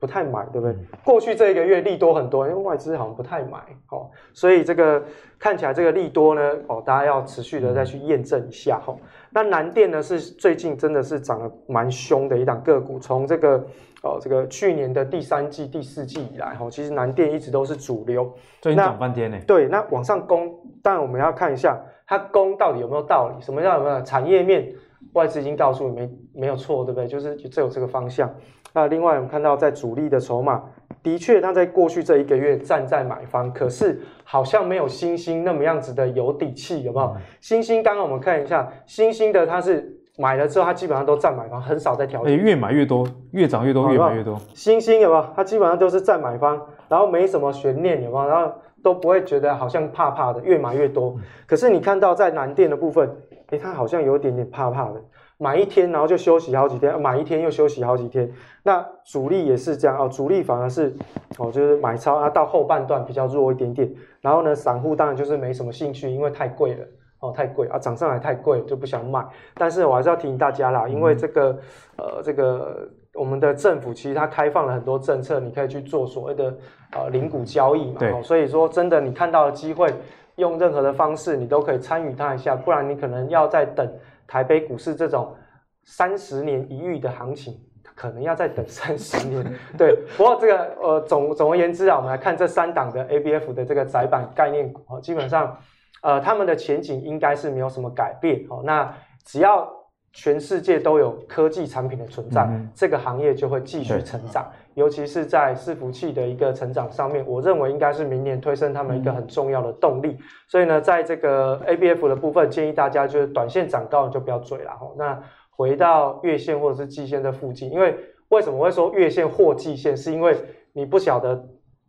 不太買，對不對、嗯？過去這一個月利多很多，因為外資好像不太買，好、哦，所以這個看起來這個利多呢、哦，大家要持續的再去驗證一下，哈、嗯哦。那南電呢是最近真的是漲得蠻凶的一檔個股，從這個哦，這個去年的第三季、第四季以來，哈、哦，其實南電一直都是主流。最近漲半天呢。對，那往上攻，但我們要看一下它攻到底有沒有道理？什麼叫有沒有？產業面外資已經告訴你沒沒有錯，對不對？就是只有這個方向。那另外我們看到，在主力的籌碼，的確它在過去這一個月站在買方，可是好像沒有欣興那麼樣子的有底氣，有沒有？嗯、欣興剛剛我們看一下，欣興的它是買了之後，它基本上都站買方，很少在調整。哎、欸，越買越多，越漲越多，越買越多。欣興有沒有？它基本上都是站買方，然後沒什麼懸念，有沒有？然後都不會覺得好像怕怕的，越買越多。嗯、可是你看到在南電的部分，誒、欸、它好像有點點怕怕的。買一天，然後就休息好幾天；買一天又休息好幾天。那主力也是這樣哦，主力反而是哦，就是買超啊，到後半段比較弱一點點。然後呢，散戶當然就是沒什麼興趣，因為太貴了哦，太貴啊，漲上來太貴了就不想買。但是我還是要提醒大家啦，嗯、因為這個呃，這個我們的政府其實它開放了很多政策，你可以去做所謂的呃零股交易嘛、對、哦。所以說真的你看到的機會，用任何的方式你都可以參與它一下，不然你可能要再等，台北股市這種三十年一遇的行情，可能要再等三十年。對，不過這個呃，總總而言之啊，我們來看這三檔的 ABF 的這個載板概念股啊、哦，基本上呃，他們的前景應該是沒有什麼改變。哦，那只要全世界都有科技產品的存在、嗯，這個行業就會繼續成長。尤其是在伺服器的一個成長上面，我認為應該是明年推升他們一個很重要的動力。嗯、所以呢，在這個 ABF 的部分，建議大家就是短線漲高就不要追了哈、哦。那回到月線或者是季線的附近，因為為什麼會說月線或季線，是因為你不曉得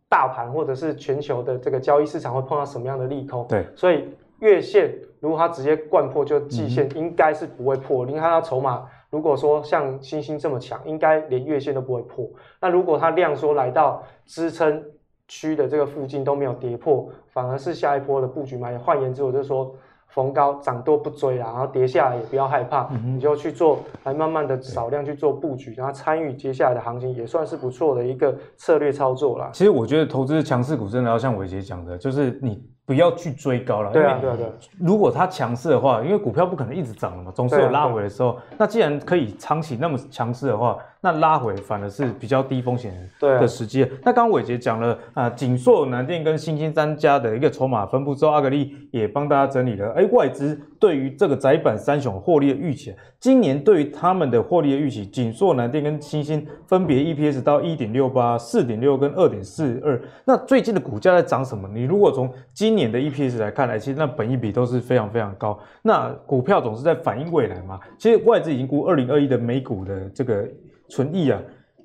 大盤或者是全球的這個交易市場會碰到什麼樣的利空。對，所以月線如果它直接貫破，就季線應該是不會破。你、嗯、看它要籌碼。如果說像欣興這麼強，應該連月線都不會破。那如果它量縮來到支撐區的這個附近都沒有跌破，反而是下一波的布局嘛，換言之，我就說逢高漲多不追啦，然後跌下來也不要害怕，嗯、你就去做，來慢慢的少量去做布局，然後參與接下來的行情，也算是不錯的一個策略操作啦。其實我覺得投資強勢股真的要像偉捷講的，就是你。不要去追高了，啊，因為如果它強勢的話，因為股票不可能一直漲了嘛，總是有拉回的時候，啊。那既然可以長期那麼強勢的話。那拉回反而是比較低風險的時機。對啊。那剛剛偉捷講了啊，景碩、南電跟欣興三家的一個籌碼分布之後，阿格力也幫大家整理了。誒，外資對於這個載板三雄獲利的預期，今年對於他們的獲利的預期，景碩、南電跟欣興分別 EPS 到一點六八、四點六跟二點四二。那最近的股價在漲什麼？你如果從今年的 EPS 來看來，其實那本益比都是非常非常高。那股票總是在反映未來嘛？其實外資已經估二零二一的每股的這個。存意啊，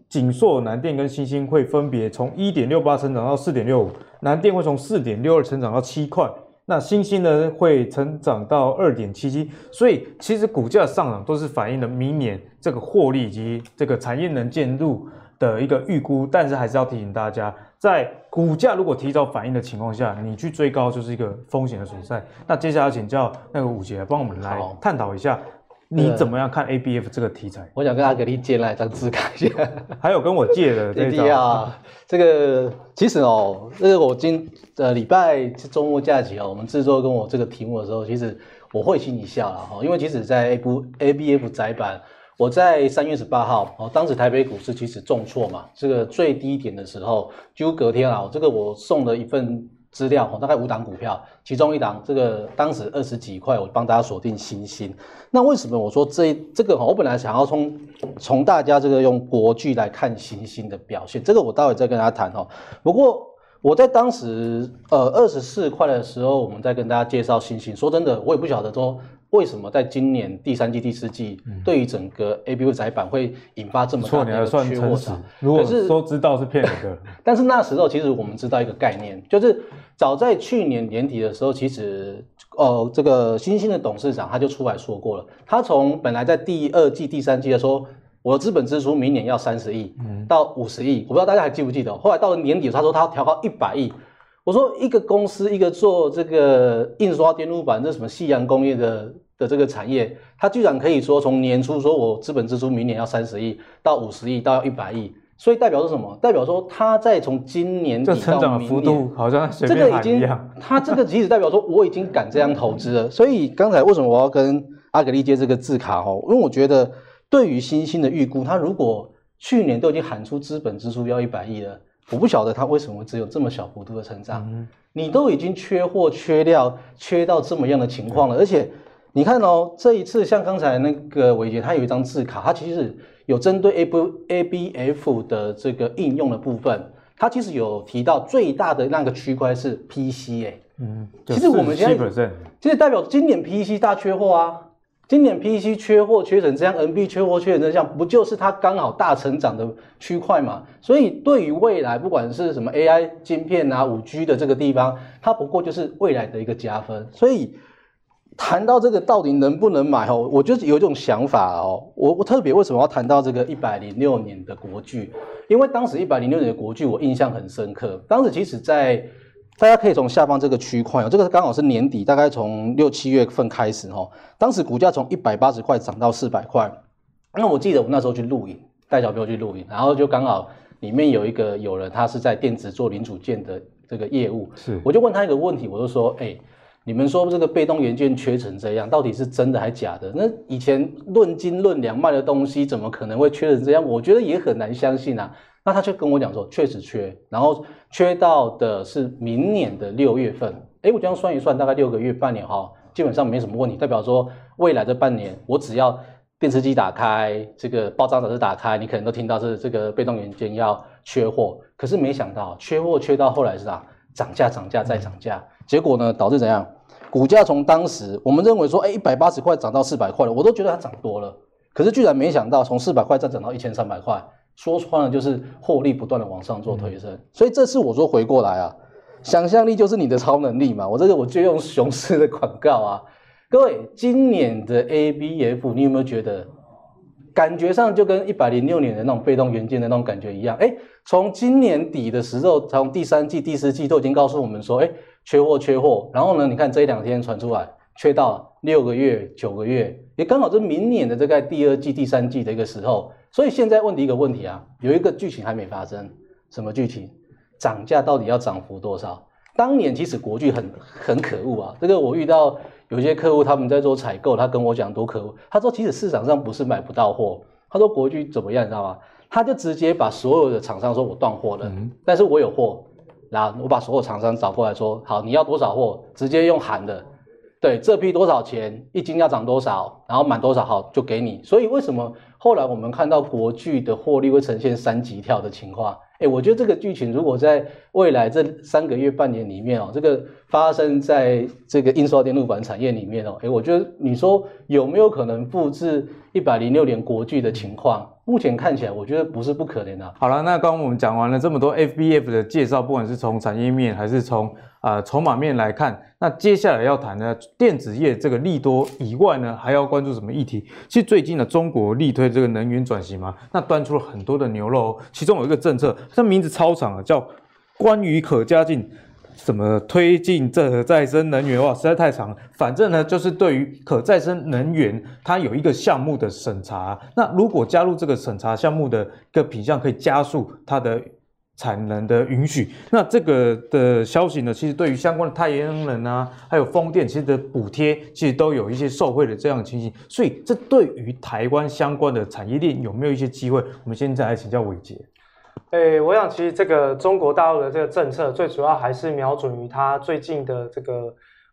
景碩、南電跟欣興會分別從一點六八成長到四點六五，南電會從四點六二成長到七塊，那欣興呢會成長到二點七七，所以其實股價的上漲都是反映了明年這個獲利以及這個產業能見度的一個預估，但是還是要提醒大家，在股價如果提早反應的情況下，你去追高就是一個風險的存在。那接下來請教那個武傑幫我們來探討一下，你怎麼樣看 ABF 這個題材？呃、我想跟阿格力借那張字卡一下， 還有跟我借的這張、 啊。這個其實哦，這個我今呃禮拜週末假期哦，我們製作跟我這個題目的時候，其實我會心一笑了哈、哦，因為其實，在 A 股 ABF 載板，我在三月十八號哦，當時台北股市其實重挫嘛，這個最低點的時候，就隔天啊，這個我送了一份，資料哈，大概五檔股票，其中一檔這個當時二十幾塊，我幫大家鎖定欣興。那為什麼我說這這個我本來想要從從大家這個用國際來看欣興的表現，這個我待會再跟大家談哈。不過我在當時呃二十四塊的時候，我們在跟大家介紹欣興。說真的，我也不曉得說。為什麼在今年第三季、第四季、嗯，對於整個 ABF 載板會引發這麼大的一個缺貨潮？你還算存貨？如果說知道是騙人的是。的。但是那時候其實我們知道一個概念，就是早在去年年底的時候，其實哦、呃，這個欣興的董事長他就出來說過了。他從本來在第二季、第三季的時候，我的資本支出明年要三十億到五十億，我不知道大家還記不記得。後來到了年底，他說他要調高一百億。我說一個公司，一個做這個印刷電路板，這什麼夕陽工業的的這個產業，它居然可以說從年初說我資本支出明年要三十億到五十億到一百億，所以代表說什麼？代表說他在從今年底到明年這個成長幅度好像已經他這個其實代表說我已經敢這樣投資了。所以剛才為什麼我要跟阿格力借這個字卡哦？因為我覺得對於欣興的預估，他如果去年都已經喊出資本支出要一百億了。我不曉得它為什麼只有這麼小幅度的成長。你都已經缺貨、缺料、缺到這麼樣的情況了，而且你看哦，這一次像剛才那個偉捷，他有一張字卡，他其實有針對 A B A B F 的這個應用的部分，他其實有提到最大的那個區塊是 P C 誒、欸、嗯，其實我們現在其實代表今年 P C 大缺貨啊。今年 PC 缺貨缺成這樣，NB 缺貨缺成這樣，不就是它剛好大成長的區塊嘛？所以對於未來，不管是什麼 AI 晶片啊、五 G 的這個地方，它不過就是未來的一個加分。所以談到這個到底能不能買哦，我就是有一種想法哦。我我特別為什麼要談到這個一百零六年的國巨？因為當時一百零六年的國巨，我印象很深刻。當時其實在。大家可以從下方這個區塊哦，這個是剛好是年底，大概從六七月份開始哈。當時股價從一百八十塊漲到四百塊。那我記得我那時候去錄影，帶小朋友去錄影，然後就剛好裡面有一個友人，他是在電子做零組件的這個業務。是。我就問他一個問題，我就說：哎、欸，你們說這個被動元件缺成這樣，到底是真的還假的？那以前論斤論兩賣的東西，怎麼可能會缺成這樣？我覺得也很難相信啊。那他就跟我講說，確實缺，然後缺到的是明年的六月份。誒，我這樣算一算，大概六個月半年哈，基本上沒什麼問題。代表說，未來的半年，我只要電視機打開，這個報章雜誌打開，你可能都聽到是這個被動元件要缺貨。可是沒想到，缺貨缺到後來是啥？漲價，漲價再漲價。嗯。結果呢，導致怎樣？股價從當時我們認為說，誒，一百八十塊漲到四百塊了，我都覺得它漲多了。可是居然沒想到，從四百塊再漲到一千三百塊。說穿了就是獲利不斷的往上做推升，所以這次我說回過來啊，想象力就是你的超能力嘛。我這個我就用熊市的廣告啊，各位，今年的 ABF 你有沒有覺得感覺上就跟一百零六年的那種被動元件的那種感覺一樣？哎，從今年底的時候，從第三季、第四季都已經告訴我們說，哎，缺貨缺貨。然後呢，你看這兩天傳出來，缺到六個月、九個月，也剛好是明年的大概第二季、第三季的一個時候。所以現在問你一個問題啊，有一個劇情還沒發生，什麼劇情？漲價到底要漲幅多少？當年其實國巨很很可惡啊，這個我遇到有些客戶他們在做採購，他跟我講多可惡，他說其實市場上不是買不到貨，他說國巨怎麼樣，你知道嗎？他就直接把所有的廠商說我斷貨了，嗯、但是我有貨，然後我把所有廠商找過來說，好，你要多少貨，直接用喊的，對，這批多少錢一斤要漲多少，然後滿多少好就給你。所以為什麼？後來我們看到國巨的獲利會呈現三級跳的情況，哎，我覺得這個劇情如果在未來這三個月、半年裡面哦，這個發生在這個印刷電路板產業裡面哦，哎，我覺得你說有沒有可能複製一百零六年國巨的情況？目前看起來，我覺得不是不可能的啊。好了，那剛剛我們講完了這麼多 ABF 的介紹，不管是從產業面還是從。啊、呃，籌碼面來看，那接下來要談的電子業這個利多以外呢，還要關注什麼議題？其實最近呢，中國力推這個能源轉型嘛，那端出了很多的牛肉。其中有一個政策，它名字超長的，叫《關於可加進什麼推進這個再生能源》哇，實在太長了。反正呢，就是對於可再生能源，它有一個項目的審查。那如果加入這個審查項目的一個品項，可以加速它的。產能的允許，那這個的消息呢，其實對於相關的太陽能啊，還有風電，其實的補貼其實都有一些受惠的這樣的情形。所以，這對於台灣相關的產業鏈有沒有一些機會？我們現在來請教偉捷。哎、欸，我想其實這個中國大陸的這個政策，最主要還是瞄準於它最近的這個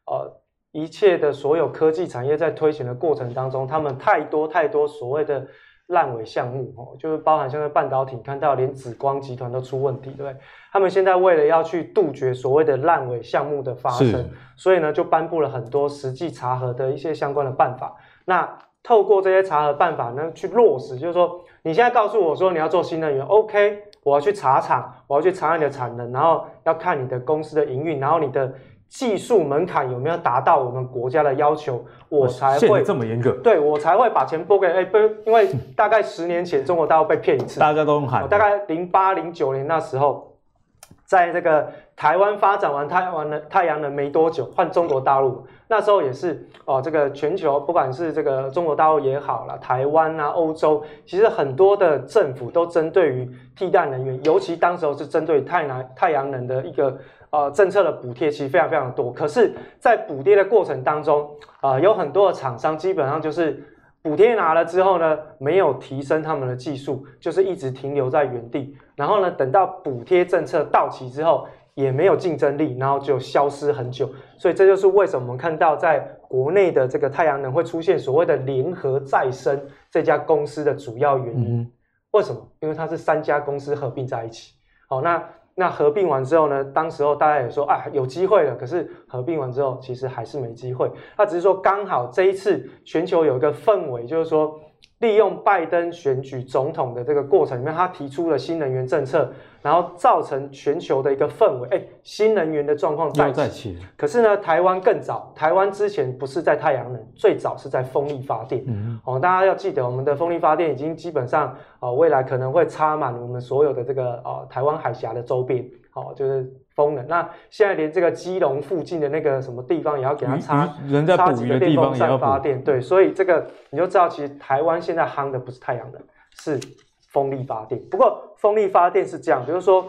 呃一切的所有科技產業在推行的過程當中，他們太多太多所謂的。爛尾項目哦，就是包含現在半導體，你看到連紫光集團都出問題，對不對？他們現在為了要去杜絕所謂的爛尾項目的發生，所以呢就頒布了很多實際查核的一些相關的辦法。那透過這些查核辦法呢去落實，就是說，你現在告訴我說你要做新能源，OK，我要去查廠，我要去查你的產能，然後要看你的公司的營運，然後你的。技術門檻有沒有達到我們國家的要求，我才會這麼嚴格。對，我才會把錢撥給、欸、不、因為大概十年前 中國大陸被騙一次，大家都很、喔。大概零八零九年那時候，在這個台灣發展完人太陽的太陽能沒多久，換中國大陸那時候也是哦、喔，這個全球不管是這個中國大陸也好啦台灣啊，歐洲其實很多的政府都針對於替代能源，尤其當時候是針對太南太陽能的一個。呃，政策的補貼其實非常非常的多，可是，在補貼的過程當中，啊、呃，有很多的廠商基本上就是補貼拿了之後呢，沒有提升他們的技術，就是一直停留在原地，然後呢，等到補貼政策到期之後，也沒有競爭力，然後就消失很久。所以這就是為什麼我們看到在國內的這個太陽能會出現所謂的聯合再生這家公司的主要原因。嗯。為什麼？因為它是三家公司合併在一起。好，那。那合併完之後呢？當時候大家也說啊、哎，有機會了。可是合併完之後，其實還是沒機會。那只是說剛好這一次全球有一個氛圍，就是說。利用拜登選舉總統的這個過程裡面，他提出了新能源政策，然後造成全球的一個氛圍。哎、欸，新能源的狀況再起。可是呢，台灣更早，台灣之前不是在太陽能，最早是在風力發電。嗯、哦，大家要記得，我們的風力發電已經基本上哦，未來可能會插滿我們所有的這個哦，台灣海峽的周邊。哦，就是。風能，那現在連這個基隆附近的那個什麼地方也要給它插插幾個電風扇發電，對，所以這個你就知道，其實台灣現在夯的不是太陽能，是風力發電。不過風力發電是這樣，比如說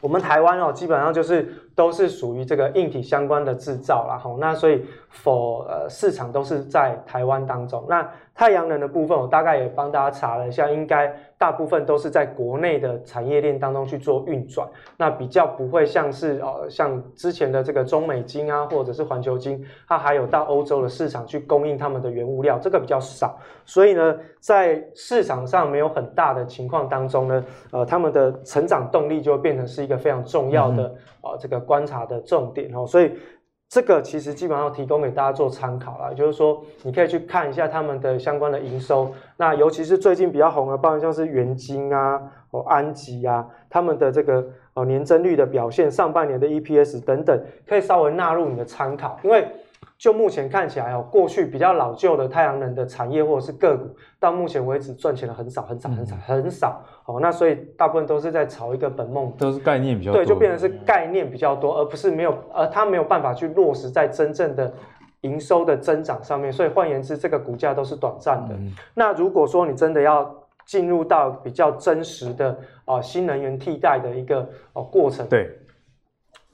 我們台灣哦，基本上就是。都是屬於這個硬體相關的制造啦，吼，那所以否呃市場都是在台灣當中。那太陽能的部分，我大概也幫大家查了一下，應該大部分都是在國內的產業鏈當中去做運轉，那比較不會像是呃像之前的這個中美晶啊，或者是環球晶，它還有到歐洲的市場去供應他們的原物料，這個比較少。所以呢，在市場上沒有很大的情況當中呢，呃，他們的成長動力就會變成是一個非常重要的、嗯、呃這個。觀察的重點哦，所以這個其實基本上提供給大家做參考啦，也就是說你可以去看一下他們的相關的營收，那尤其是最近比較紅的，包括像是元晶啊、哦安集啊，他們的這個哦年增率的表現、上半年的 EPS 等等，可以稍微納入你的參考，因為。就目前看起來哦，過去比較老舊的太陽能的產業或者是個股，到目前為止賺錢的很少，很少，很少，很少、哦。那所以大部分都是在炒一個本夢，都是概念比較多，對，就變成是概念比較多、嗯，而不是沒有，而它沒有辦法去落實在真正的營收的增長上面。所以換言之，這個股價都是短暫的、嗯。那如果說你真的要進入到比較真實的啊、呃、新能源替代的一個、呃、過程，對。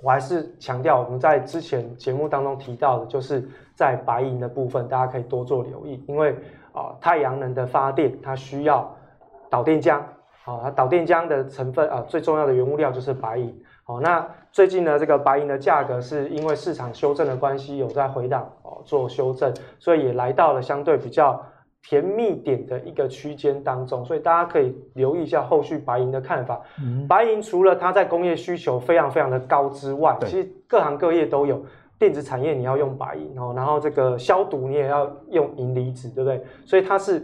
我還是強調我們在之前節目當中提到的，就是在白銀的部分，大家可以多做留意。因為啊，太陽能的發電它需要導電漿，好，它導電漿的成分啊，最重要的原物料就是白銀，好，那最近呢，這個白銀的價格是因為市場修正的關係，有在回檔哦，做修正，所以也來到了相對比較。甜蜜點的一個區間當中，所以大家可以留意一下後續白銀的看法。嗯、白銀除了它在工業需求非常非常的高之外，其實各行各業都有，電子產業你要用白銀，然後這個消毒你也要用銀離子，對不對？所以它是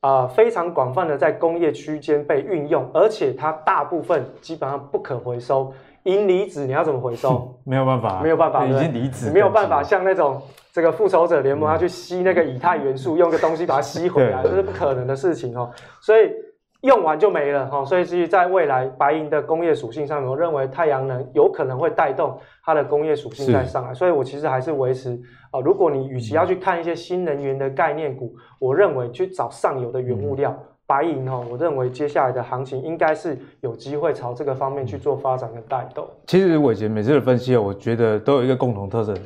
啊、呃、非常廣泛的在工業區間被運用，而且它大部分基本上不可回收，銀離子你要怎麼回收沒？沒有辦法，沒有辦法，已經離子，沒有辦法像那種。這個復仇者聯盟要去吸那個以太元素，嗯、用個東西把它吸回來，這 是不可能的事情哦。所以用完就沒了、哦、所以，至於在未來白銀的工業屬性上，我認為太陽能有可能會帶動它的工業屬性再上來。所以我其實還是維持啊、呃。如果你與其要去看一些新能源的概念股，我認為去找上游的原物料、嗯、白銀、哦、我認為接下來的行情應該是有機會朝這個方面去做發展的帶動。其實偉捷每次的分析啊，我覺得都有一個共同特徵。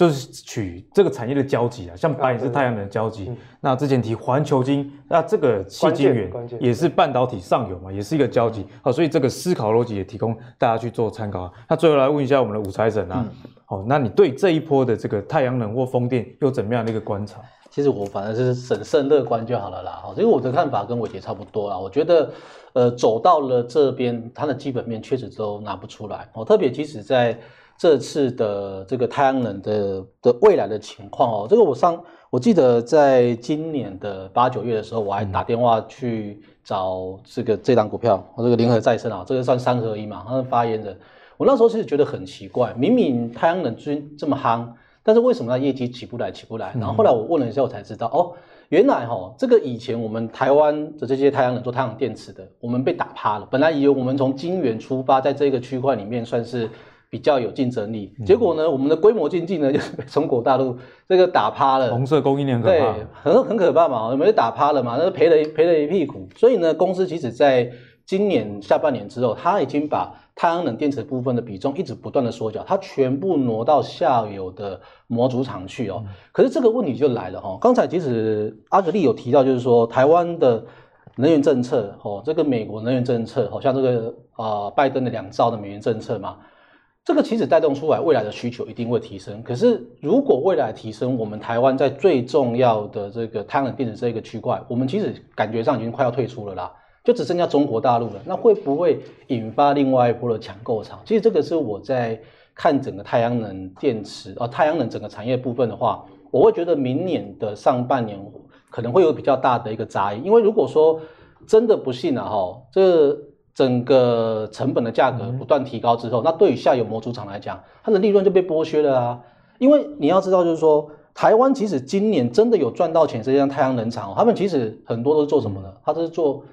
就是取這個產業的交集啊，像白也是太陽能的交集。啊對對對嗯、那之前提環球晶，那這個晶圓也,也是半導體上游嘛，也是一個交集。好、嗯哦，所以這個思考邏輯也提供大家去做參考、啊、那最後來問一下我們的武財神啊，好、嗯哦，那你對這一波的這個太陽能或風電有怎麼樣的一個觀察？其實我反而是審慎樂觀就好了啦。哈，因為我的看法跟偉捷差不多啦。我覺得，呃，走到了這邊，它的基本面確實都拿不出來。哦，特別即使在。這次的這個太陽能的的未來的情況哦，這個我上我記得在今年的八九月的時候，我還打電話去找這個這檔股票，我、嗯、這個聯合再生啊，這個算三合一嘛，他的發言人，我那時候其實覺得很奇怪，明明太陽能最近這麼夯，但是為什麼它業績起不來起不來？然後後來我問了一下，我才知道哦，原來哈、哦，這個以前我們台灣的這些太陽能做太陽電池的，我們被打趴了，本來以為我們從晶圓出發，在這個區塊裡面算是。比較有競爭力，結果呢，我們的規模經濟呢，就是被中國大陸這個打趴了，紅色供應鏈可怕，對，很很可怕嘛，我們就打趴了嘛，那賠了賠了，賠了一屁股，所以呢，公司即使在今年下半年之後，他已經把太陽能電池部分的比重一直不斷的縮小，他全部挪到下游的模組廠去哦、嗯。可是這個問題就來了哈、哦，剛才即使阿格力有提到，就是說台灣的能源政策哦，這個美國能源政策，好、哦、像這個啊、呃、拜登的兩兆的美元政策嘛。這個其實帶動出來，未來的需求一定會提升。可是，如果未來提升，我們台灣在最重要的這個太陽能電池這一個區塊，我們其實感覺上已經快要退出了啦，就只剩下中國大陸了。那會不會引發另外一波的搶購潮？其實，這個是我在看整個太陽能電池啊、呃，太陽能整個產業部分的話，我會覺得明年的上半年可能會有比較大的一個雜音。因為如果說真的不幸了哈，這個。整個成本的價格不斷提高之後，嗯、那對於下游模組廠來講，它的利潤就被剝削了啊！因為你要知道，就是說，台灣其實今年真的有賺到錢。實際上，太陽能廠他們其實很多都是做什麼的？嗯、他是做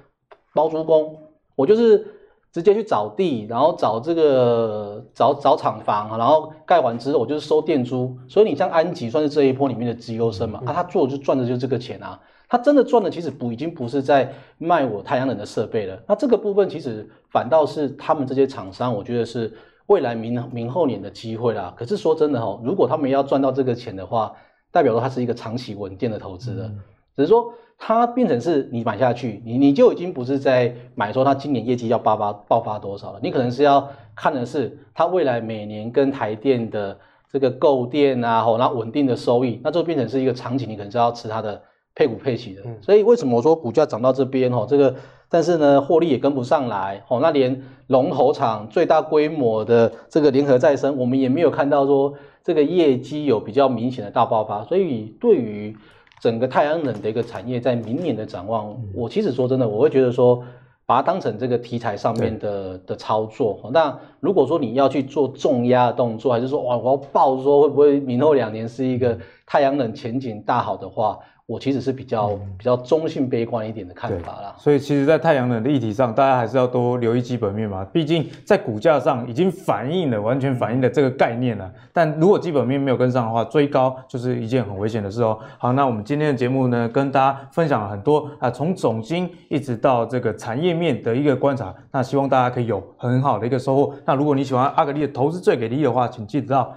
包租公，我就是直接去找地，然後找這個找找廠房，然後蓋完之後我就是收電租。所以你像安吉算是這一波裡面的績優生嘛？嗯、啊，他做的就賺的就是這個錢啊。他真的賺的其實不已經不是在賣我太陽能的設備了，那這個部分其實反倒是他們這些廠商，我覺得是未來明明後年的機會啦。可是說真的哦，如果他們要賺到這個錢的話，代表說它是一個長期穩定的投資的、嗯。只是說它變成是你買下去，你你就已經不是在買說它今年業績要爆發爆發多少了，你可能是要看的是它未來每年跟台電的這個購電啊，齁，然後穩定的收益，那就變成是一個長期，你可能是要吃它的配股配息的。所以為什麼我說股價漲到這邊哦，這個但是呢，獲利也跟不上來哦。那連龍頭廠最大規模的這個聯合再生，我們也沒有看到說這個業績有比較明顯的大爆發。所以對於整個太陽能的一個產業在明年的展望，我其實說真的，我會覺得說把它當成這個題材上面的的操作。那如果說你要去做重壓的動作，還是說哇，我要爆說會不會明後兩年是一個太陽能前景大好的話？我其實是比較比較中性、悲觀一點的看法啦。所以其實，在太陽能的議題上，大家還是要多留意基本面嘛。畢竟在股價上已經反映了，完全反映了這個概念了。但如果基本面沒有跟上的話，追高就是一件很危險的事哦、喔。好，那我們今天的節目呢，跟大家分享了很多啊，從、呃、總經一直到這個產業面的一個觀察。那希望大家可以有很好的一個收穫。那如果你喜歡阿格力的投資最給力的話，請記得到。